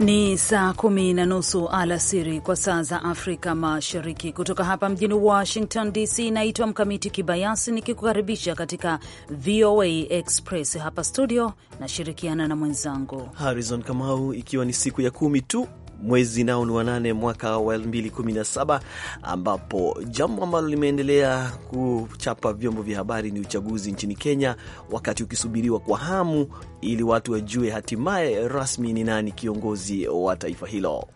Ni saa kumi na nusu alasiri kwa saa za Afrika Mashariki, kutoka hapa mjini Washington DC. Naitwa Mkamiti Kibayasi nikikukaribisha katika VOA Express hapa studio, nashirikiana na mwenzangu Harrison Kamau, ikiwa ni siku ya kumi tu mwezi nao ni wanane mwaka wa 217 ambapo jambo ambalo limeendelea kuchapa vyombo vya habari ni uchaguzi nchini Kenya, wakati ukisubiriwa kwa hamu ili watu wajue hatimaye rasmi ni nani kiongozi wa taifa hilo.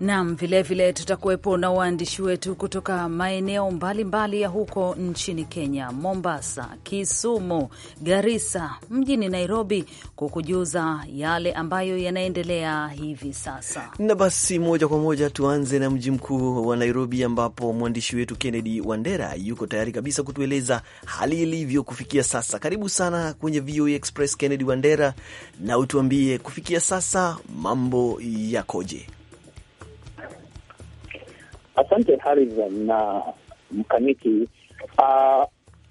Nam, vilevile tutakuwepo na waandishi wetu kutoka maeneo mbalimbali ya huko nchini Kenya, Mombasa, Kisumu, Garissa, mjini Nairobi, kukujuza yale ambayo yanaendelea hivi sasa. Na basi moja kwa moja tuanze na mji mkuu wa Nairobi, ambapo mwandishi wetu Kennedy Wandera yuko tayari kabisa kutueleza hali ilivyo kufikia sasa. Karibu sana kwenye VOA e Express, Kennedy Wandera, na utuambie kufikia sasa mambo yakoje? Asante Harrison na mkamiti.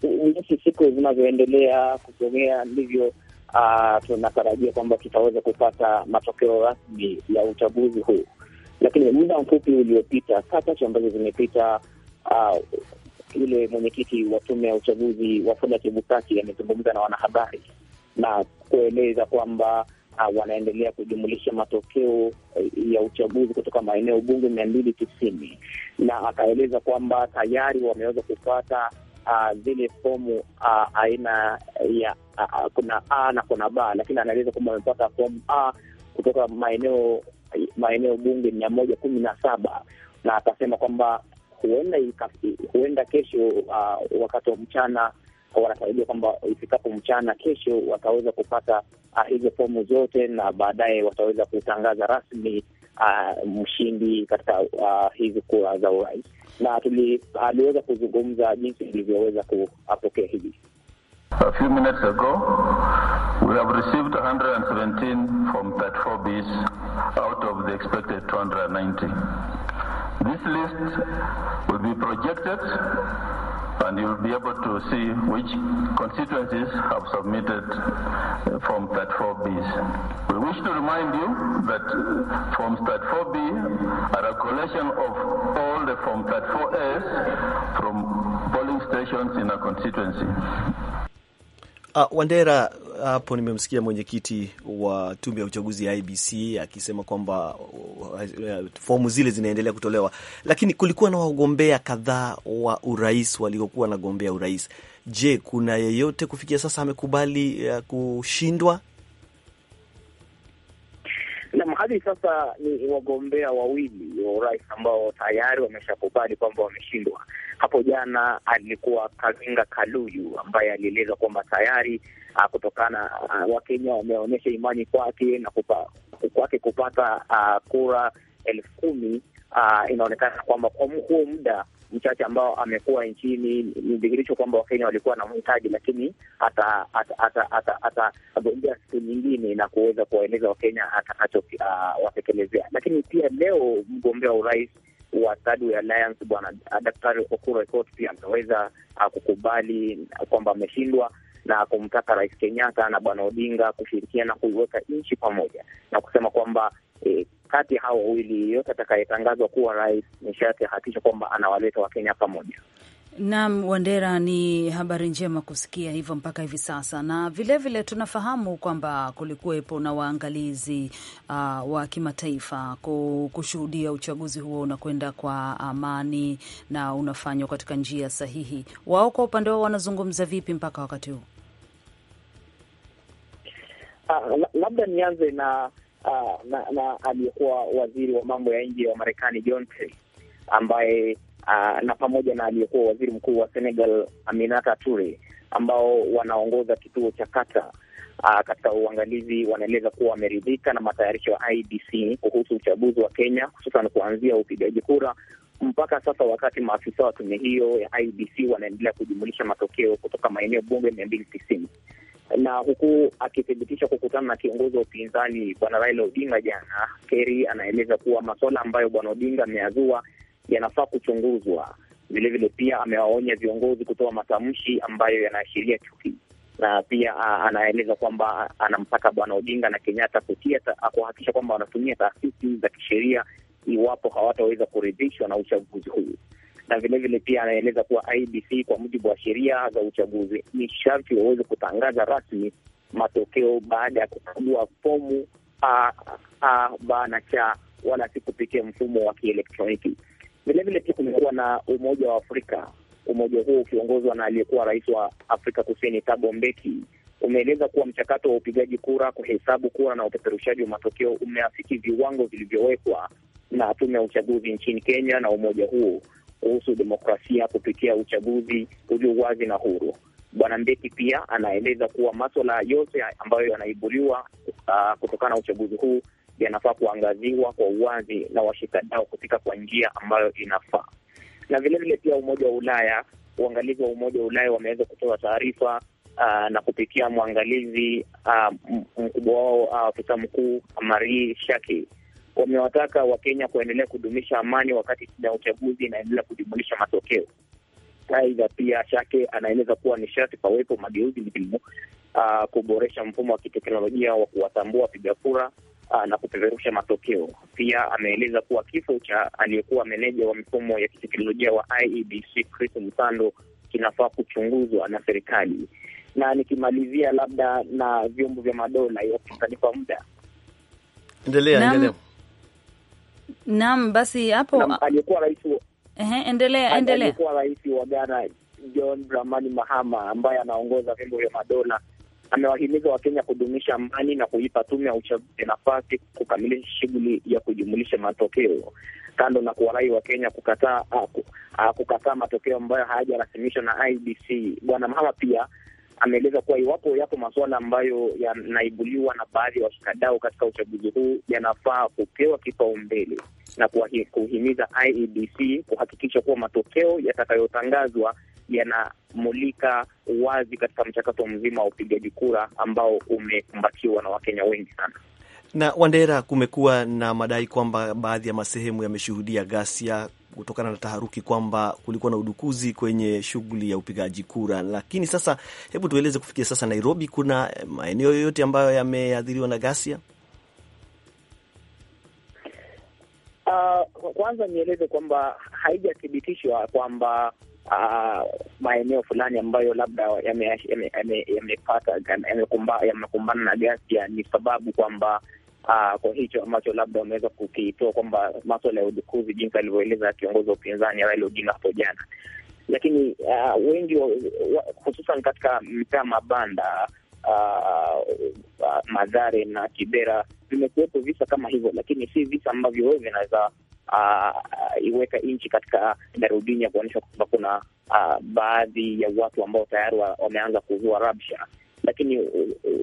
Jinsi ah, uh, siku zinavyoendelea kusogea ndivyo uh, tunatarajia kwamba tutaweza kupata matokeo rasmi ya uchaguzi huu, lakini muda mfupi uliopita, saa chache ambazo zimepita, uh, yule mwenyekiti wa tume ya uchaguzi Wafula Chebukati amezungumza na wanahabari na kueleza kwamba uh, wanaendelea kujumulisha matokeo uh, ya uchaguzi kutoka maeneo bunge mia mbili tisini na akaeleza kwamba tayari wameweza kupata uh, zile fomu uh, aina ya uh, kuna A na kuna B, lakini anaeleza kwamba wamepata fomu A kutoka maeneo maeneo bunge mia moja kumi na saba na akasema kwamba huenda huenda kesho uh, wakati wa mchana wanatarajia kwamba ifikapo mchana kesho wataweza kupata ah, hizo fomu zote na baadaye wataweza kutangaza rasmi ah, mshindi katika ah, hizi kura za urais, na aliweza kuzungumza jinsi ilivyoweza kupokea hivi A few minutes ago, we have received 117 from 34 Bs out of the expected 290. This list will be projected and you'll be able to see which constituencies have submitted from 34Bs. We wish to remind you that Forms 34B are a collection of all the Form 34As from polling stations in a constituency. Uh, Wandera, hapo nimemsikia mwenyekiti wa tume ya uchaguzi ya IBC akisema kwamba uh, uh, fomu zile zinaendelea kutolewa, lakini kulikuwa na wagombea kadhaa wa urais waliokuwa wanagombea urais. Je, kuna yeyote kufikia sasa amekubali uh, kushindwa? Nam, hadi sasa ni wagombea wawili wa urais ambao tayari wameshakubali kwamba wameshindwa, hapo jana alikuwa Kazinga Kaluyu ambaye alieleza kwamba tayari ah, kutokana ah, Wakenya wameonyesha imani kwake na kwake kupata uh, kura elfu kumi uh, inaonekana kwamba kwa huo muda mchache ambao amekuwa nchini ni dhihirisho kwamba Wakenya walikuwa na mhitaji lakini atagombea siku nyingine na kuweza kuwaeleza Wakenya atakachowatekelezea. Uh, lakini pia leo mgombea wa urais wa Third Way Alliance bwana Daktari Okuro Aukot pia ameweza ah, kukubali kwamba ameshindwa na kumtaka Rais Kenyatta na bwana Odinga kushirikiana kuiweka nchi pamoja na kusema kwamba e, kati ya hao wawili yeyote atakayetangazwa kuwa rais ni sharti ahakikisha kwamba anawaleta Wakenya pamoja. Naam, Wandera, ni habari njema kusikia hivyo mpaka hivi sasa, na vilevile vile tunafahamu kwamba kulikuwepo na waangalizi uh, wa kimataifa kushuhudia uchaguzi huo unakwenda kwa amani na unafanywa katika njia sahihi. Wao kwa upande wao wanazungumza vipi mpaka wakati huu? Uh, labda nianze na, uh, na, na aliyekuwa waziri wa mambo ya nje wa Marekani John Kerry ambaye uh, na pamoja na aliyekuwa waziri mkuu wa Senegal Aminata ture ambao wanaongoza kituo cha kata uh, katika uangalizi, wanaeleza kuwa wameridhika na matayarisho ya IBC kuhusu uchaguzi wa Kenya, hususan kuanzia upigaji kura mpaka sasa, wakati maafisa wa tume hiyo ya IBC wanaendelea kujumulisha matokeo kutoka maeneo bunge mia mbili tisini na huku akithibitisha kukutana na kiongozi wa upinzani bwana Raila Odinga jana, Keri anaeleza kuwa masuala ambayo bwana Odinga ameazua yanafaa kuchunguzwa. Vilevile pia amewaonya viongozi kutoa matamshi ambayo yanaashiria chuki, na pia anaeleza kwamba anamtaka Bwana Odinga na Kenyatta kutia kuhakikisha kwamba wanatumia taasisi za kisheria iwapo hawataweza kuridhishwa na uchaguzi huu na vilevile vile pia anaeleza kuwa IBC kwa mujibu wa sheria za uchaguzi ni sharti waweze kutangaza rasmi matokeo baada ya kukagua fomu A, A, B na cha wala si kupitia mfumo wa kielektroniki. Vilevile pia kumekuwa na umoja wa Afrika. Umoja huo ukiongozwa na aliyekuwa rais wa Afrika Kusini Thabo Mbeki umeeleza kuwa mchakato wa upigaji kura, kuhesabu kura na upeperushaji wa matokeo umeafiki viwango vilivyowekwa na tume ya uchaguzi nchini Kenya na umoja huo kuhusu demokrasia kupitia uchaguzi ulio wazi na huru. Bwana Mbeki pia anaeleza kuwa maswala yote ambayo yanaibuliwa uh, kutokana na uchaguzi huu yanafaa kuangaziwa kwa uwazi na washikadao kufika kwa njia ambayo inafaa. Na vilevile pia Umoja wa Ulaya, uangalizi wa Umoja wa Ulaya wameweza kutoa taarifa uh, na kupitia mwangalizi uh, mkubwa wao ah, afisa uh, mkuu Marie Shaki wamewataka Wakenya kuendelea kudumisha amani wakati na uchaguzi inaendelea kujumulisha matokeo. Aidha, pia Shake anaeleza kuwa ni sharti pawepo mageuzi muhimu, uh, kuboresha mfumo wa kiteknolojia wa kuwatambua wapiga kura, uh, na kupeperusha matokeo. Pia ameeleza kuwa kifo cha aliyekuwa meneja wa mifumo ya kiteknolojia wa IEBC Chris Msando kinafaa kuchunguzwa na serikali. Na nikimalizia labda na vyombo vya madola, iwapo tutanipa muda. Endelea, endelea. Naam, basi hapo aliyekuwa rais endelea, endelea. Aliyekuwa rais wa Ghana John Dramani Mahama ambaye anaongoza vyombo vya madola amewahimiza Wakenya kudumisha amani na kuipa tume ya uchaguzi nafasi kukamilisha shughuli ya kujumulisha matokeo, kando na kuwarai Wakenya kukataa ah, ah, kukataa matokeo ambayo hayajarasimishwa na IBC. Bwana Mama pia ameeleza kuwa iwapo yapo masuala ambayo yanaibuliwa na baadhi ya washikadau katika uchaguzi huu yanafaa kupewa kipaumbele na kuhimiza IEBC kuhakikisha kuwa matokeo yatakayotangazwa yanamulika wazi katika mchakato mzima wa upigaji kura ambao umekumbatiwa na Wakenya wengi sana. Na Wandera, kumekuwa na madai kwamba baadhi ya masehemu yameshuhudia ghasia kutokana na taharuki kwamba kulikuwa na udukuzi kwenye shughuli ya upigaji kura. Lakini sasa, hebu tueleze, kufikia sasa Nairobi, kuna maeneo yoyote ambayo yameathiriwa na ghasia? Uh, kwanza nieleze kwamba haijathibitishwa kwamba uh, maeneo fulani ambayo labda yamepata yamekumbana na ghasia, ni sababu kwamba uh, kwa hicho ambacho labda wameweza kukitoa kwamba maswala ya udukuzi, jinsi alivyoeleza kiongozi wa upinzani Raila Odinga hapo jana. Lakini uh, wengi hususan katika mitaa mabanda Uh, uh, Madhare na Kibera vimekuwepo visa kama hivyo, lakini si visa ambavyo wewe vinaweza uh, iweka nchi katika darubini ya kuonyesha kwamba kuna uh, baadhi ya watu ambao tayari wameanza kuzua rabsha, lakini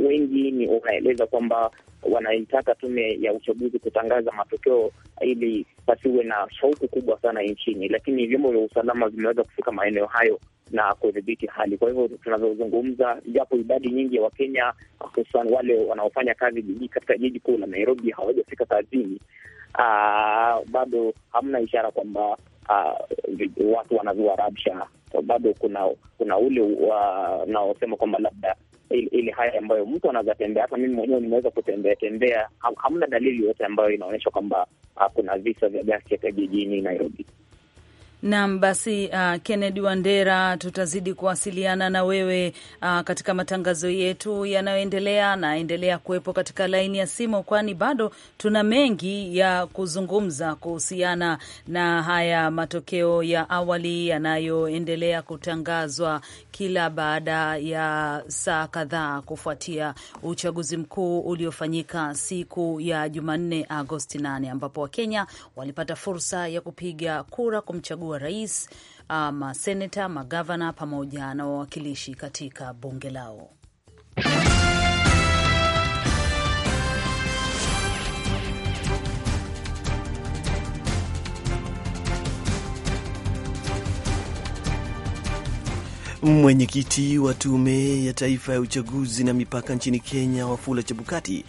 wengi unaeleza kwamba wanaitaka tume ya uchaguzi kutangaza matokeo ili pasiwe na shauku kubwa sana nchini, lakini vyombo vya usalama vimeweza kufika maeneo hayo na kudhibiti hali. Kwa hivyo tunavyozungumza, japo idadi nyingi ya Wakenya hususan wale wanaofanya kazi jiji katika jiji kuu la Nairobi hawajafika kazini, Ah, bado hamna ishara kwamba uh, watu wanazua rabsha. Bado kuna kuna ule unaosema uh, kwamba labda ile hali ambayo mtu anaweza tembea. Hata mimi mwenyewe nimeweza kutembea tembea, hamna dalili yote ambayo inaonyesha kwamba uh, kuna visa vya ghasia jijini Nairobi. Nam basi, uh, Kennedy Wandera, tutazidi kuwasiliana na wewe uh, katika matangazo yetu yanayoendelea, naendelea kuwepo katika laini ya simu, kwani bado tuna mengi ya kuzungumza kuhusiana na haya matokeo ya awali yanayoendelea kutangazwa kila baada ya saa kadhaa kufuatia uchaguzi mkuu uliofanyika siku ya Jumanne, Agosti 8 ambapo Wakenya walipata fursa ya kupiga kura kumchagua wa rais, maseneta, um, magavana pamoja na wawakilishi katika bunge lao. Mwenyekiti wa Tume ya Taifa ya Uchaguzi na Mipaka nchini Kenya, Wafula Chebukati,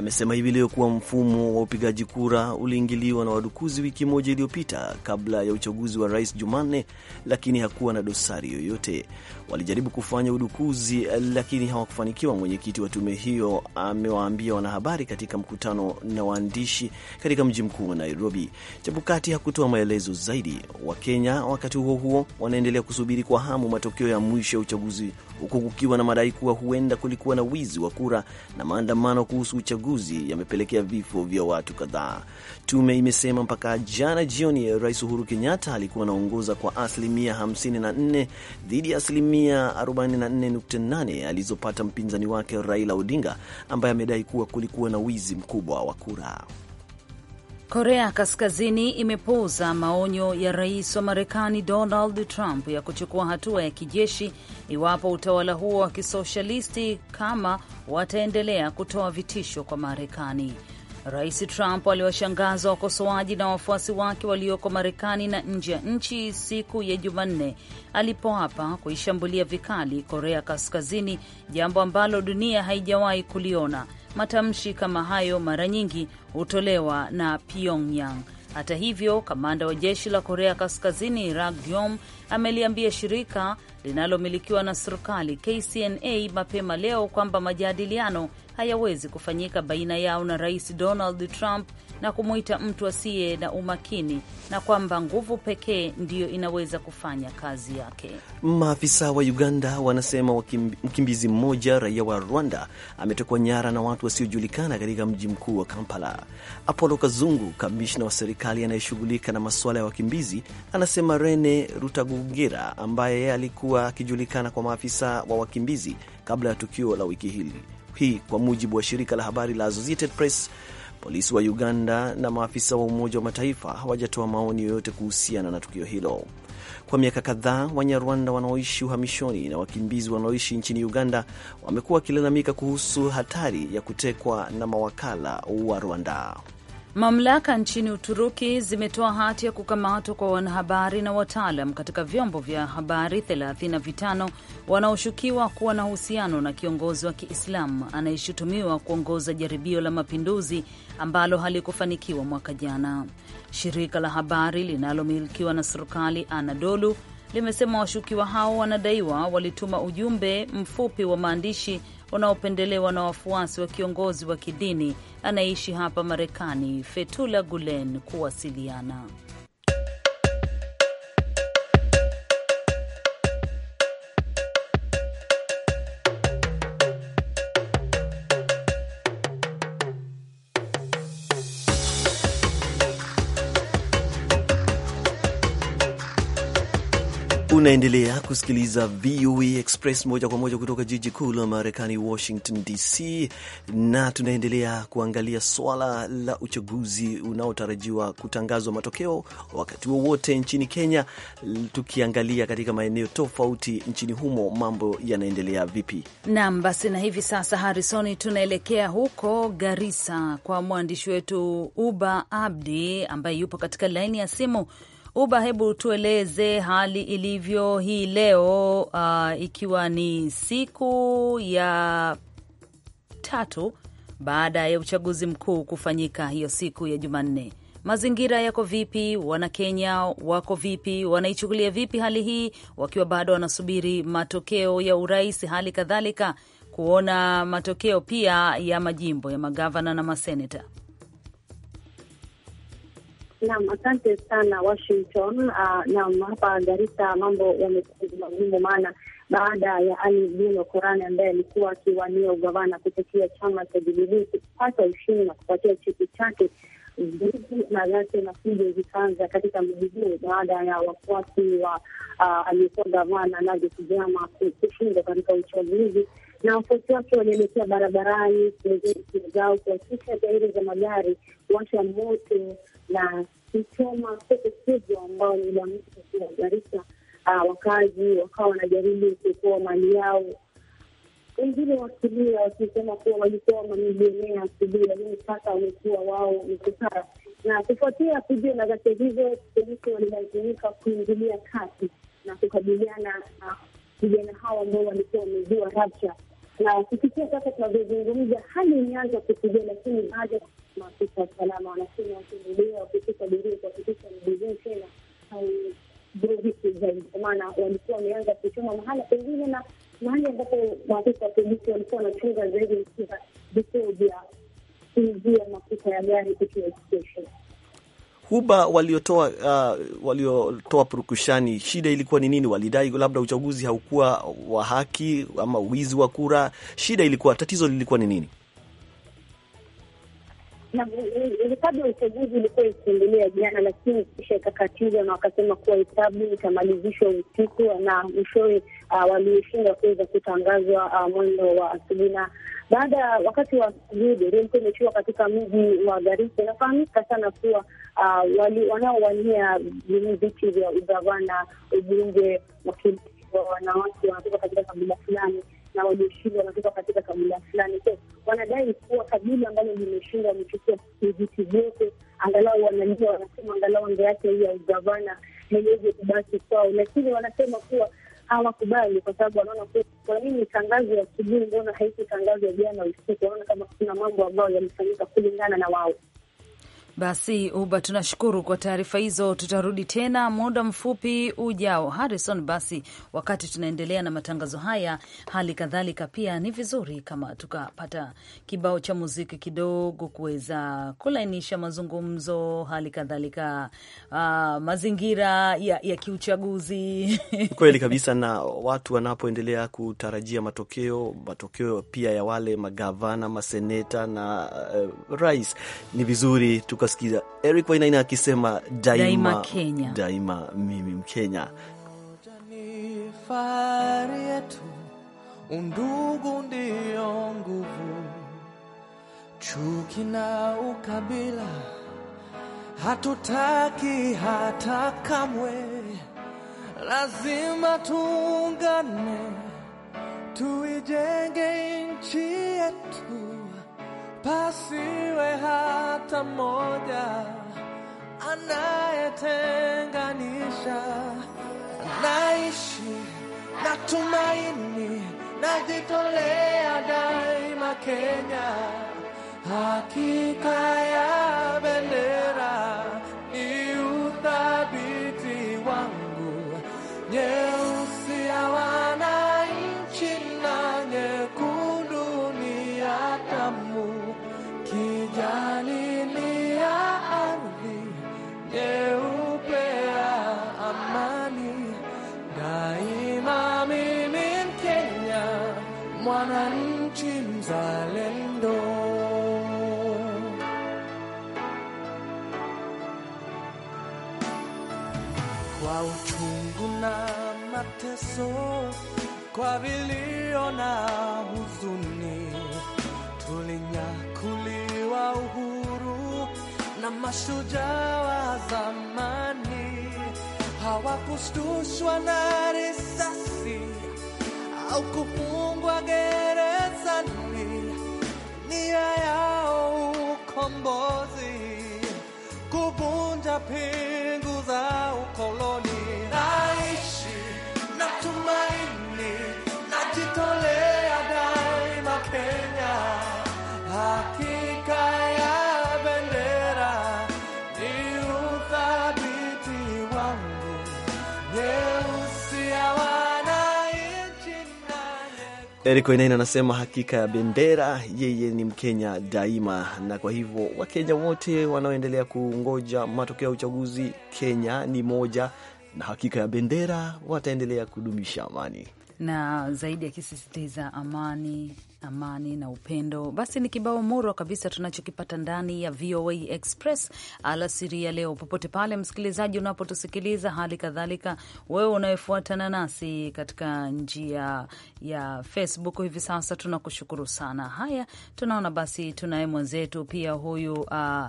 amesema hivi leo kuwa mfumo wa upigaji kura uliingiliwa na wadukuzi wiki moja iliyopita kabla ya uchaguzi wa rais Jumanne, lakini hakuwa na dosari yoyote. Walijaribu kufanya udukuzi lakini hawakufanikiwa, mwenyekiti wa tume hiyo amewaambia wanahabari katika mkutano na waandishi katika mji mkuu wa Nairobi. Chebukati hakutoa maelezo zaidi. Wakenya wakati huo huo wanaendelea kusubiri kwa hamu matokeo ya mwisho ya uchaguzi, huku kukiwa na madai kuwa huenda kulikuwa na wizi wa kura na maandamano kuhusu uchaguzi uchaguzi yamepelekea vifo vya watu kadhaa. Tume imesema mpaka jana jioni Rais Uhuru Kenyatta alikuwa anaongoza kwa asilimia 54 dhidi ya asilimia 44.8 alizopata mpinzani wake Raila Odinga ambaye amedai kuwa kulikuwa na wizi mkubwa wa kura. Korea Kaskazini imepuuza maonyo ya rais wa Marekani Donald Trump ya kuchukua hatua ya kijeshi iwapo utawala huo wa kisoshalisti kama wataendelea kutoa vitisho kwa Marekani. Rais Trump aliwashangaza wakosoaji na wafuasi wake walioko Marekani na nje ya nchi siku ya Jumanne alipoapa kuishambulia vikali Korea Kaskazini, jambo ambalo dunia haijawahi kuliona. Matamshi kama hayo mara nyingi hutolewa na Pyongyang. Hata hivyo, kamanda wa jeshi la Korea Kaskazini Rak Gyom ameliambia shirika linalomilikiwa na serikali KCNA mapema leo kwamba majadiliano hayawezi kufanyika baina yao na Rais Donald Trump na kumwita mtu asiye na umakini na kwamba nguvu pekee ndiyo inaweza kufanya kazi yake. Maafisa wa Uganda wanasema mkimbizi mmoja raia wa Rwanda ametekwa nyara na watu wasiojulikana katika mji mkuu wa Kampala. Apolo Kazungu, kamishna wa serikali anayeshughulika na masuala ya wakimbizi, anasema Rene Rutagungira ambaye alikuwa akijulikana kwa maafisa wa wakimbizi kabla ya tukio la wiki hili hii, kwa mujibu wa shirika la habari la Associated Press. Polisi wa Uganda na maafisa wa Umoja wa Mataifa hawajatoa maoni yoyote kuhusiana na tukio hilo. Kwa miaka kadhaa, Wanyarwanda wanaoishi uhamishoni na wakimbizi wanaoishi nchini Uganda wamekuwa wakilalamika kuhusu hatari ya kutekwa na mawakala wa Rwanda. Mamlaka nchini Uturuki zimetoa hati ya kukamatwa kwa wanahabari na wataalam katika vyombo vya habari 35 wanaoshukiwa kuwa na uhusiano na kiongozi wa Kiislamu anayeshutumiwa kuongoza jaribio la mapinduzi ambalo halikufanikiwa mwaka jana. Shirika la habari linalomilikiwa na serikali Anadolu limesema washukiwa hao wanadaiwa walituma ujumbe mfupi wa maandishi unaopendelewa na wafuasi wa kiongozi wa kidini anayeishi hapa Marekani, Fetula Gulen, kuwasiliana Unaendelea kusikiliza VOA e Express moja kwa moja kutoka jiji kuu la Marekani, Washington DC, na tunaendelea kuangalia swala la uchaguzi unaotarajiwa kutangazwa matokeo wakati wowote nchini Kenya, tukiangalia katika maeneo tofauti nchini humo mambo yanaendelea vipi. Naam, basi na hivi sasa, Harrison, tunaelekea huko Garissa kwa mwandishi wetu Uba Abdi ambaye yupo katika laini ya simu Uba, hebu tueleze hali ilivyo hii leo, uh, ikiwa ni siku ya tatu baada ya uchaguzi mkuu kufanyika hiyo siku ya Jumanne. Mazingira yako vipi? Wanakenya wako vipi? Wanaichukulia vipi hali hii, wakiwa bado wanasubiri matokeo ya urais, hali kadhalika kuona matokeo pia ya majimbo ya magavana na maseneta? Naam, asante sana Washington. Uh, naam, hapa Garissa mambo yamekuwa magumu, maana baada ya Ali Bino Korani ambaye alikuwa akiwania ugavana kupitia chama cha Jubilii kupata ushindi na kupatia cheti chake vingi na ghasia inakuja vikaanza katika mji huo baada ya wafuasi wa uh, aliyekuwa gavana Najib Jama kushindwa katika uchaguzi, na wafuasi wake walielekea barabarani kuegeza zao kuakisha tairi za magari, washa moto na kuchoma soko kubwa ambao ni la mtu kuwagarika uh, wakazi, wakawa wanajaribu kuokoa mali yao wengine wakilia wakisema kuwa walikuwa mamilionea asubuhi, lakini sasa wamekuwa wao mikutara. Na kufuatia fujo na ghasia hizo, polisi walilazimika kuingilia kati na kukabiliana na vijana hao ambao walikuwa wamezua rabsha, na kufikia sasa tunavyozungumza, hali imeanza kupigia, lakini bado polisi walikuwa wanachunga zaidi katika vituo vya kuuzia mafuta ya gari kutoa station huba waliotoa uh, waliotoa purukushani, shida ilikuwa ni nini? Walidai labda uchaguzi haukuwa wa haki ama wizi wa kura. Shida ilikuwa, tatizo lilikuwa ni nini? na hesabu ya uchaguzi ilikuwa ikiendelea jana, lakini kisha ikakatizwa na wakasema kuwa hesabu itamalizishwa usiku na mwishowe uh, walioshinda kuweza kutangazwa uh, mwendo wa asubuhi. Na baada ya wakati wa asubuhi, doria ilikuwa imechukua katika mji wa Garissa. Inafahamika sana kuwa uh, wanaowania viti vya ugavana, ubunge, wakilishi wa wanawake wanatoka katika kabila fulani na walioshindwa wanatoka katika kabila fulani. So wanadai kuwa kabila ambalo limeshindwa wamechukua vijiti vyote, angalau wanajua, wanasema angalau angeacha hii ya ugavana niliweze kubaki kwao, lakini wanasema kuwa hawakubali kwa sababu wanaona kuwa kwa nini tangazo ya asubuhi mbona ya jana usiku? Wanaona kama kuna mambo ambayo yamefanyika kulingana na wao. Basi Uba, tunashukuru kwa taarifa hizo. Tutarudi tena muda mfupi ujao, Harrison. Basi wakati tunaendelea na matangazo haya, hali kadhalika pia ni vizuri kama tukapata kibao cha muziki kidogo kuweza kulainisha mazungumzo, hali kadhalika uh, mazingira ya, ya kiuchaguzi kweli kabisa, na watu wanapoendelea kutarajia matokeo, matokeo pia ya wale magavana, maseneta na uh, rais, ni vizuri tuka utawasikia Eric Wainaina akisema daima, daima, Kenya. Daima mimi Mkenya fari yetu, undugu ndiyo nguvu, chuki na ukabila hatutaki hata kamwe. Lazima tuungane, tuijenge nchi yetu pasiwe hata mmoja anayetenganisha, naishi na tumaini, najitolea daima Kenya, hakika ya bendera mateso, kwa vilio na huzuni, tulinyakuliwa uhuru na mashujaa wa zamani. Hawakushtushwa na risasi au kufungwa gerezani, nia yao ukombozi, kuvunja pingu za ukoloni. Eric Wainaina anasema hakika ya bendera, yeye ni Mkenya daima, na kwa hivyo Wakenya wote wanaoendelea kungoja matokeo ya uchaguzi, Kenya ni moja na hakika ya bendera wataendelea kudumisha amani na zaidi akisisitiza amani, amani na upendo. Basi ni kibao murwa kabisa tunachokipata ndani ya VOA Express alasiri ya leo, popote pale msikilizaji unapotusikiliza, hali kadhalika wewe unayefuatana nasi katika njia ya Facebook hivi sasa, tunakushukuru sana. Haya, tunaona basi tunaye mwenzetu pia huyu uh,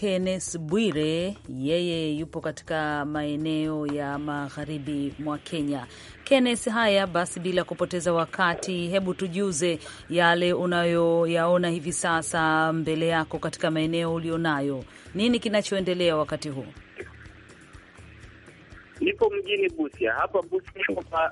Kenneth Bwire, yeye yupo katika maeneo ya magharibi mwa Kenya. Kenneth, haya basi, bila kupoteza wakati, hebu tujuze yale unayoyaona hivi sasa mbele yako katika maeneo ulionayo. Nini kinachoendelea wakati huu? Nipo mjini Busia. Hapa Busia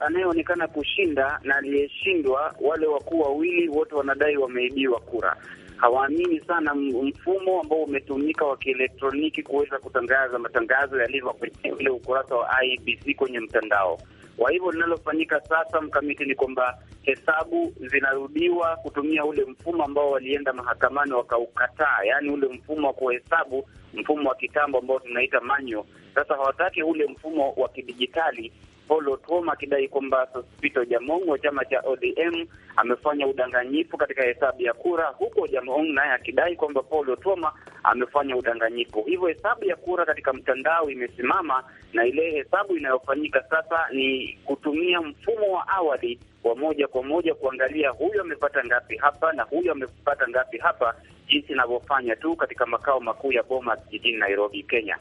anayeonekana kushinda na aliyeshindwa, wale wakuu wawili wote wanadai wameibiwa kura hawaamini sana mfumo ambao umetumika wa kielektroniki kuweza kutangaza matangazo yalivyo kwenye ule ukurasa wa IBC kwenye mtandao. Kwa hivyo linalofanyika sasa, mkamiti, ni kwamba hesabu zinarudiwa kutumia ule mfumo ambao walienda mahakamani wakaukataa, yaani ule mfumo wa kuhesabu, mfumo wa kitambo ambao tunaita manyo. Sasa hawataki ule mfumo wa kidijitali Paul Otuoma akidai kwamba Sospeter Ojaamong wa chama cha ODM amefanya udanganyifu katika hesabu ya kura, huku Ojaamong naye akidai kwamba Paul Otuoma amefanya udanganyifu. Hivyo hesabu ya kura katika mtandao imesimama na ile hesabu inayofanyika sasa ni kutumia mfumo wa awali wa moja kwa moja kuangalia huyu amepata ngapi hapa na huyu amepata ngapi hapa, jinsi inavyofanya tu katika makao makuu ya Bomas jijini Nairobi, Kenya.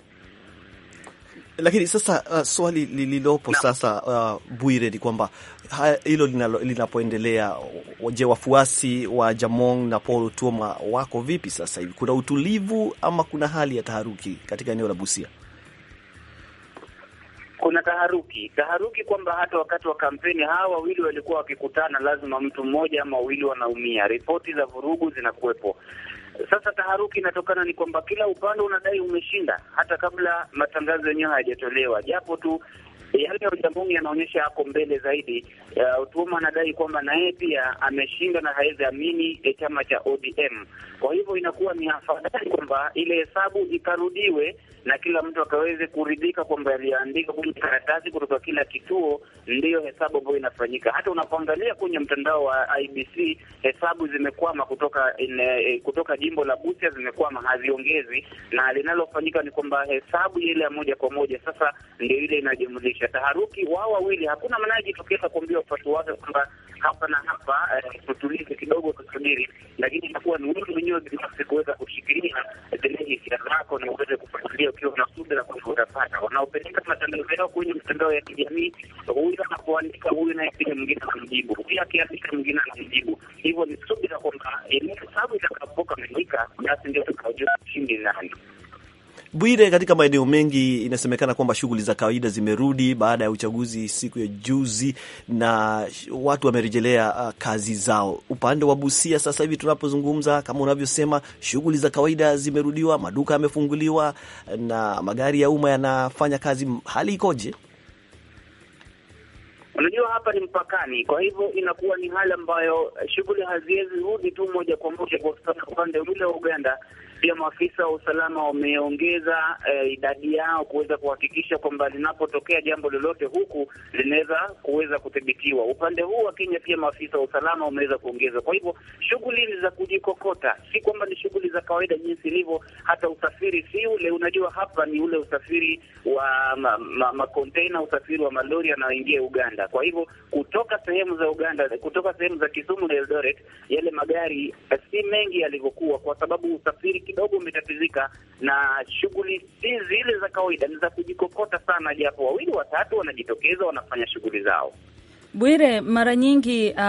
Lakini sasa uh, swali lililopo no. Sasa uh, Bwire ni kwamba hilo linapoendelea, uh, je, wafuasi wa Jamong na Paul Tuoma wako vipi sasa hivi? Kuna utulivu ama kuna hali ya taharuki katika eneo la Busia? Kuna taharuki, taharuki kwamba hata wakati wa kampeni hawa wawili walikuwa wakikutana, lazima mtu mmoja ama wawili wanaumia. Ripoti za vurugu zinakuwepo, sasa taharuki inatokana ni kwamba kila upande unadai umeshinda, hata kabla matangazo yenyewe hayajatolewa, japo tu Eh, yale ya Ujambongi yanaonyesha hapo mbele zaidi. Uh, anadai kwamba yeye pia ameshinda na hawezi amini e eh, chama cha ODM. Kwa hivyo inakuwa ni afadhali kwamba ile hesabu ikarudiwe na kila mtu akaweze kuridhika kwamba yaliyoandika kwenye karatasi kutoka kila kituo ndiyo hesabu ambayo inafanyika. Hata unapoangalia kwenye mtandao wa IBC hesabu zimekwama kutoka in, kutoka jimbo la Busia zimekwama, haziongezi, na linalofanyika ni kwamba hesabu ile ya moja kwa moja sasa ndio ile inajumlisha ya taharuki wao wawili, hakuna maana tukiweza kuambia watu wake kwamba hapa na hapa eh, tutulize kidogo, tusubiri, lakini itakuwa ni wewe mwenyewe binafsi kuweza kushikilia zile hisia zako na uweze kufuatilia ukiwa na subira, kwamba utapata wanaopeleka matangazo yao kwenye mitandao ya kijamii. Huyu anapoandika huyu naye pia mwingine anamjibu, huyu akiandika mwingine anamjibu, hivyo ni subira kwamba elimu sababu itakapokamilika, basi ndio tukajua mshindi nani. Bwire, katika maeneo mengi inasemekana kwamba shughuli za kawaida zimerudi baada ya uchaguzi siku ya juzi na watu wamerejelea uh, kazi zao. Upande wa Busia sasa hivi tunapozungumza, kama unavyosema, shughuli za kawaida zimerudiwa, maduka yamefunguliwa na magari ya umma yanafanya kazi. Hali ikoje? Unajua, hapa ni mpakani, kwa hivyo inakuwa ni hali ambayo shughuli haziwezi rudi tu moja kwa moja, kwa upande ule wa Uganda pia maafisa wa usalama wameongeza eh, idadi yao kuweza kuhakikisha kwamba linapotokea jambo lolote huku linaweza kuweza kudhibitiwa. Upande huu wa Kenya pia maafisa wa usalama wameweza kuongeza. Kwa hivyo shughuli za kujikokota si kwamba ni shughuli za kawaida jinsi ilivyo. Hata usafiri si ule, unajua hapa ni ule usafiri wa makontena ma, ma usafiri wa malori yanayoingia Uganda. Kwa hivyo kutoka sehemu za Uganda, kutoka sehemu za Kisumu na Eldoret, yale magari si mengi yalivyokuwa, kwa sababu usafiri kidogo umetatizika, na shughuli si zile za kawaida, ni za kujikokota sana, japo wawili watatu wanajitokeza wanafanya shughuli zao. Bwire, mara nyingi uh,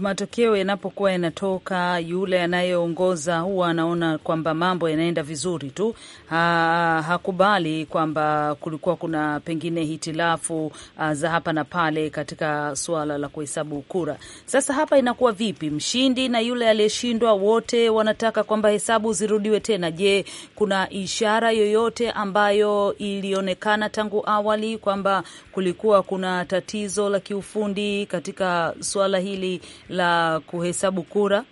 matokeo yanapokuwa yanatoka, yule anayeongoza huwa anaona kwamba mambo yanaenda vizuri tu Uh, hakubali kwamba kulikuwa kuna pengine hitilafu uh, za hapa na pale katika suala la kuhesabu kura. Sasa hapa inakuwa vipi? Mshindi na yule aliyeshindwa wote wanataka kwamba hesabu zirudiwe tena. Je, kuna ishara yoyote ambayo ilionekana tangu awali kwamba kulikuwa kuna tatizo la kiufundi katika suala hili la kuhesabu kura?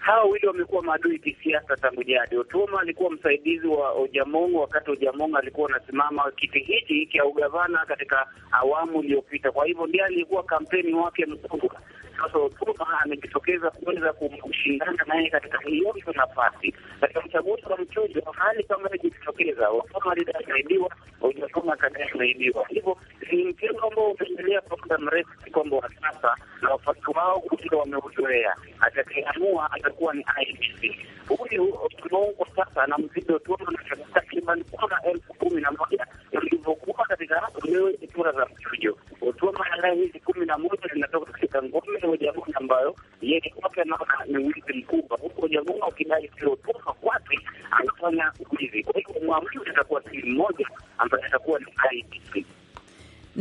Hawa wawili wamekuwa maadui kisiasa tangu jadi. Otuoma alikuwa msaidizi wa Ojamong wakati Ojamong alikuwa anasimama kiti hiki hiki ugavana katika awamu iliyopita, kwa hivyo ndiye aliyekuwa kampeni wake mkubwa. Sasa Otuoma amejitokeza kuweza kushindana naye katika hiyo hiyo nafasi katika mchaguzi wa mchujo. Hali kama imejitokeza, Otuoma alidai ameibiwa, Ojamong akadai hivyo ni mchezo ambao umeendelea kwa muda mrefu, si kwamba wa sasa, na wafuasi wao kujua wamehudhuria. Atakayeamua atakuwa ni IBC.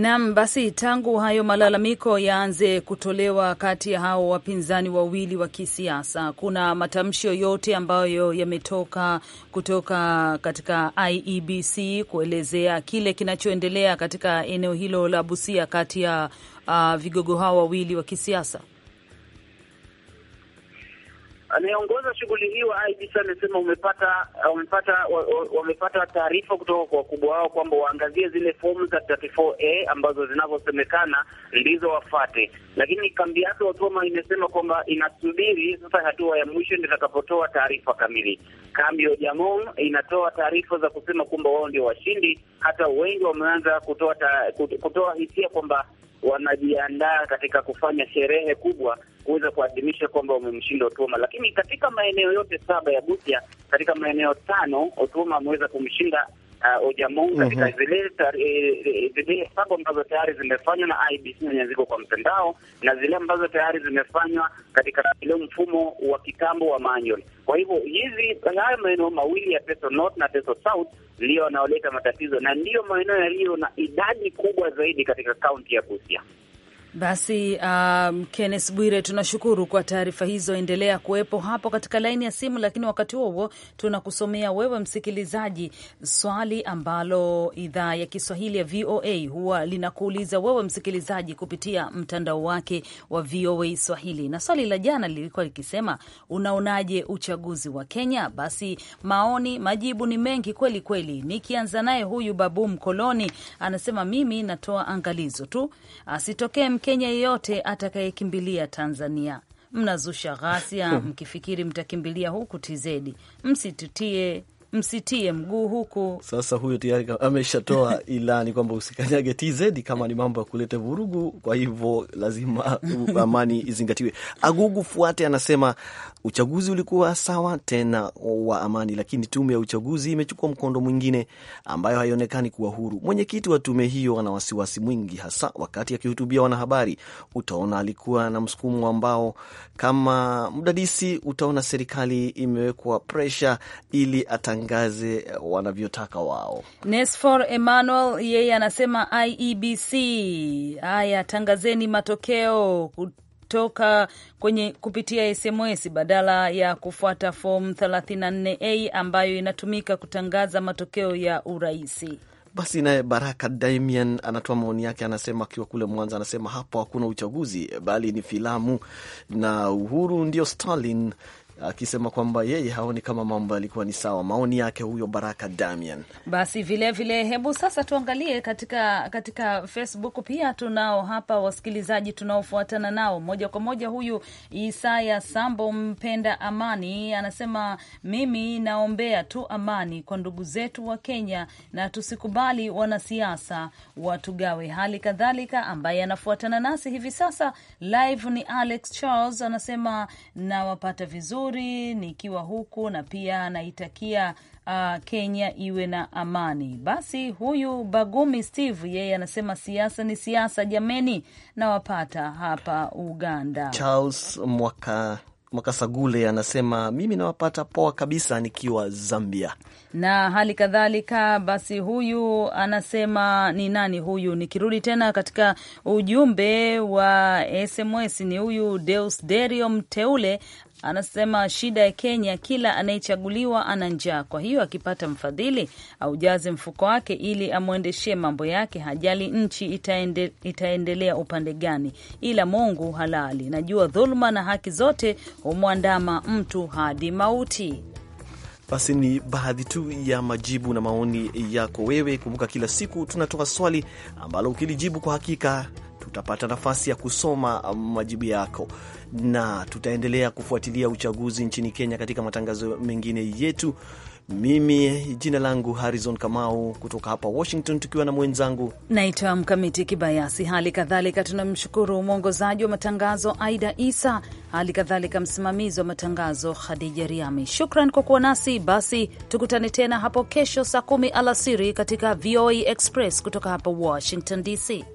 Naam, basi tangu hayo malalamiko yaanze kutolewa kati ya hao wapinzani wawili wa kisiasa, kuna matamshi yoyote ambayo yametoka kutoka katika IEBC kuelezea kile kinachoendelea katika eneo hilo la Busia kati ya uh, vigogo hao wawili wa kisiasa? Anayeongoza shughuli hii wa IBC amesema umepata umepata wamepata taarifa kutoka kwa wakubwa wao kwamba waangazie zile fomu za 34A ambazo zinavyosemekana ndizo wafate, lakini kambi yake Watoma imesema kwamba inasubiri sasa hatua ya mwisho itakapotoa taarifa kamili. Kambi ya Jamong inatoa taarifa za kusema kwamba wao ndio washindi, hata wengi wameanza kutoa kutoa hisia kwamba wanajiandaa katika kufanya sherehe kubwa kuweza kuadhimisha kwamba wamemshinda Otuoma, lakini katika maeneo yote saba ya Busia, katika maeneo tano Otuoma ameweza kumshinda uh, Ojamongo mhm. katika mm -hmm. zile eh, eh, zile hesabu ambazo tayari zimefanywa na IBC zenye ziko kwa mtandao na zile ambazo tayari zimefanywa katika ile mfumo wa kitambo wa manual. Kwa hivyo hizi haya maeneo mawili ya Teso North na Teso South ndiyo yanaoleta matatizo na ndiyo maeneo yaliyo na idadi kubwa zaidi katika kaunti ya Busia. Basi um, Kenneth Bwire, tunashukuru kwa taarifa hizo. Endelea kuwepo hapo katika laini ya simu, lakini wakati huo huo tunakusomea wewe msikilizaji swali ambalo idhaa ya Kiswahili ya VOA huwa linakuuliza wewe msikilizaji kupitia mtandao wake wa VOA Swahili, na swali la jana lilikuwa likisema unaonaje uchaguzi wa Kenya? Basi maoni, majibu ni mengi kweli kweli. Nikianza naye huyu Babu Mkoloni anasema mimi natoa angalizo tu asitokee Mkenya yeyote atakayekimbilia Tanzania. Mnazusha ghasia mkifikiri mtakimbilia huku TZ, msitutie msitie mguu huku. Sasa huyo tayari ameshatoa ilani kwamba usikanyage TZ kama ni mambo ya kuleta vurugu, kwa hivyo lazima amani izingatiwe. Agugu Fuate anasema uchaguzi ulikuwa sawa tena wa amani, lakini tume ya uchaguzi imechukua mkondo mwingine ambayo haionekani kuwa huru. Mwenyekiti wa tume hiyo ana wasiwasi mwingi, hasa wakati akihutubia wanahabari. Utaona alikuwa na msukumo ambao kama mdadisi utaona serikali imewekwa presha ili atang watangaze wanavyotaka wao. Nesfor Emmanuel yeye anasema IEBC, haya tangazeni matokeo toka kwenye kupitia SMS badala ya kufuata fomu 34A ambayo inatumika kutangaza matokeo ya uraisi. Basi naye Baraka Damian anatoa maoni yake, anasema akiwa kule Mwanza, anasema hapo hakuna uchaguzi bali ni filamu na Uhuru ndio Stalin akisema kwamba yeye haoni kama mambo yalikuwa ni sawa. Maoni yake huyo Baraka Damian. Basi vilevile vile, hebu sasa tuangalie katika katika Facebook pia tunao hapa wasikilizaji tunaofuatana nao moja kwa moja. Huyu Isaya Sambo mpenda amani anasema mimi naombea tu amani kwa ndugu zetu wa Kenya na tusikubali wanasiasa watugawe. Hali kadhalika ambaye anafuatana nasi hivi sasa live ni Alex Charles anasema nawapata vizuri vizuri nikiwa huku na pia naitakia uh, Kenya iwe na amani. Basi huyu Bagumi Steve yeye anasema siasa ni siasa jameni, nawapata hapa Uganda. Charles mwaka Mwakasagule anasema mimi nawapata poa kabisa nikiwa Zambia, na hali kadhalika. Basi huyu anasema ni nani huyu? Nikirudi tena katika ujumbe wa SMS ni huyu Deus Derio Mteule anasema shida ya Kenya, kila anayechaguliwa ana njaa. Kwa hiyo akipata mfadhili aujaze mfuko wake ili amwendeshee mambo yake, hajali nchi itaende, itaendelea upande gani, ila Mungu halali. Najua dhuluma na haki zote humwandama mtu hadi mauti. Basi ni baadhi tu ya majibu na maoni yako wewe. Kumbuka kila siku tunatoa swali ambalo ukilijibu kwa hakika tutapata nafasi ya kusoma um, majibu yako na tutaendelea kufuatilia uchaguzi nchini Kenya katika matangazo mengine yetu. Mimi jina langu Harrison Kamau kutoka hapa Washington, tukiwa na mwenzangu naitwa Mkamiti Kibayasi. Hali kadhalika tunamshukuru mwongozaji wa matangazo Aida Isa, hali kadhalika msimamizi wa matangazo Khadija Riami. Shukran kwa kuwa nasi. Basi tukutane tena hapo kesho saa kumi alasiri katika VOA Express kutoka hapa Washington DC.